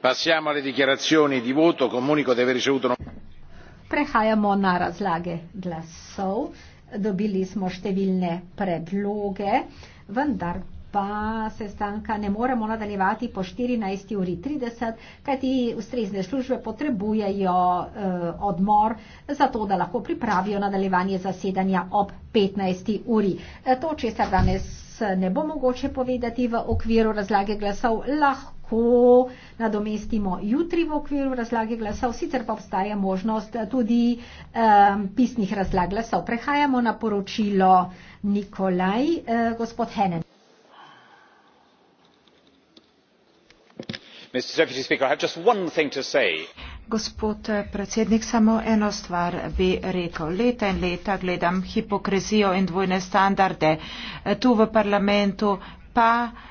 passiamo alle dichiarazioni di voto comunico di aver ricevuto. No- prehajamo na razlage glasov dobili smo številne predloge vendar pa sestanka ne moremo nadaljevati po štirinajst uri trideset kajti ustrezne službe potrebujejo eh, odmor zato da lahko pripravijo nadaljevanje zasedanja ob petnajst uri eh, to česar danes eh, ne bo mogoče povedati v okviru razlage glasov lahko eh, nadomestimo jutri v okviru razlage glasov, sicer pa obstaja možnost tudi um, pisnih razlag glasov. Prehajamo na poročilo Nikolaj, uh, gospod Henen. Gospod eh, predsednik, samo eno stvar bi rekel. Leta in leta gledam hipokrizijo in dvojne standarde eh, tu v parlamentu, pa